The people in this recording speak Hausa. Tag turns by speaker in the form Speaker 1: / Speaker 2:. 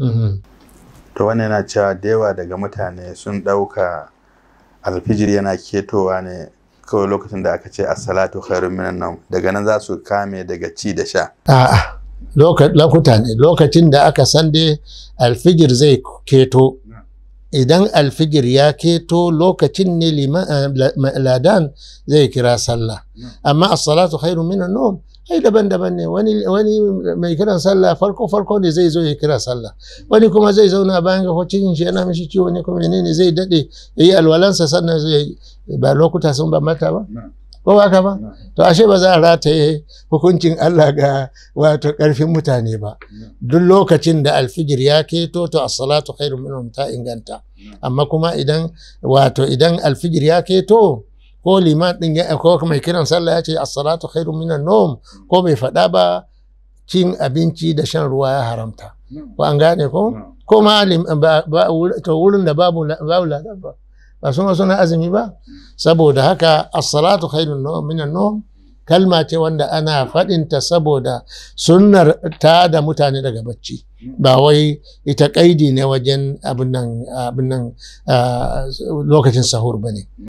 Speaker 1: Mm-hmm.
Speaker 2: to wannan yana cewa da daga mutane sun ɗauka alfijir yana ketowa ne kawai lokacin da aka ce assalatu khairun minan nan daga nan za su kame daga ci da sha
Speaker 1: a'a lokuta ne lokacin da aka san dai alfijir zai keto idan alfijir ya keto lokacin ne eh, ladan zai kira sallah mm. amma assalatu khairun minan nom ai daban-daban ne wani wani mai kiran sallah farko farko ne zai zo ya kira sallah wani kuma zai zauna bayan ga cikin shi yana mishi ciwo ne kuma ne zai dade yayi alwalansa sannan zai ba lokuta sun ba mata ba ko ba ba to ashe ba za a rataye hukuncin Allah ga wato karfin mutane ba duk lokacin da alfijir ya keto to as-salatu khairun minhum ta inganta amma kuma idan wato idan alfijir ya keto ko liman din ya ko mai kiran sallah ya ce as-salatu khairu minan nom ko bai faɗa ba cin abinci da shan ruwa ya haramta ko an gane ko ko ma to wurin da babu babu ba ba sun suna azumi ba saboda haka as-salatu khairun minan nom kalma ce wanda ana faɗinta saboda sunnar ta da mutane daga bacci ba wai ita kaidi ne wajen abin nan ah, lokacin sahur ba ne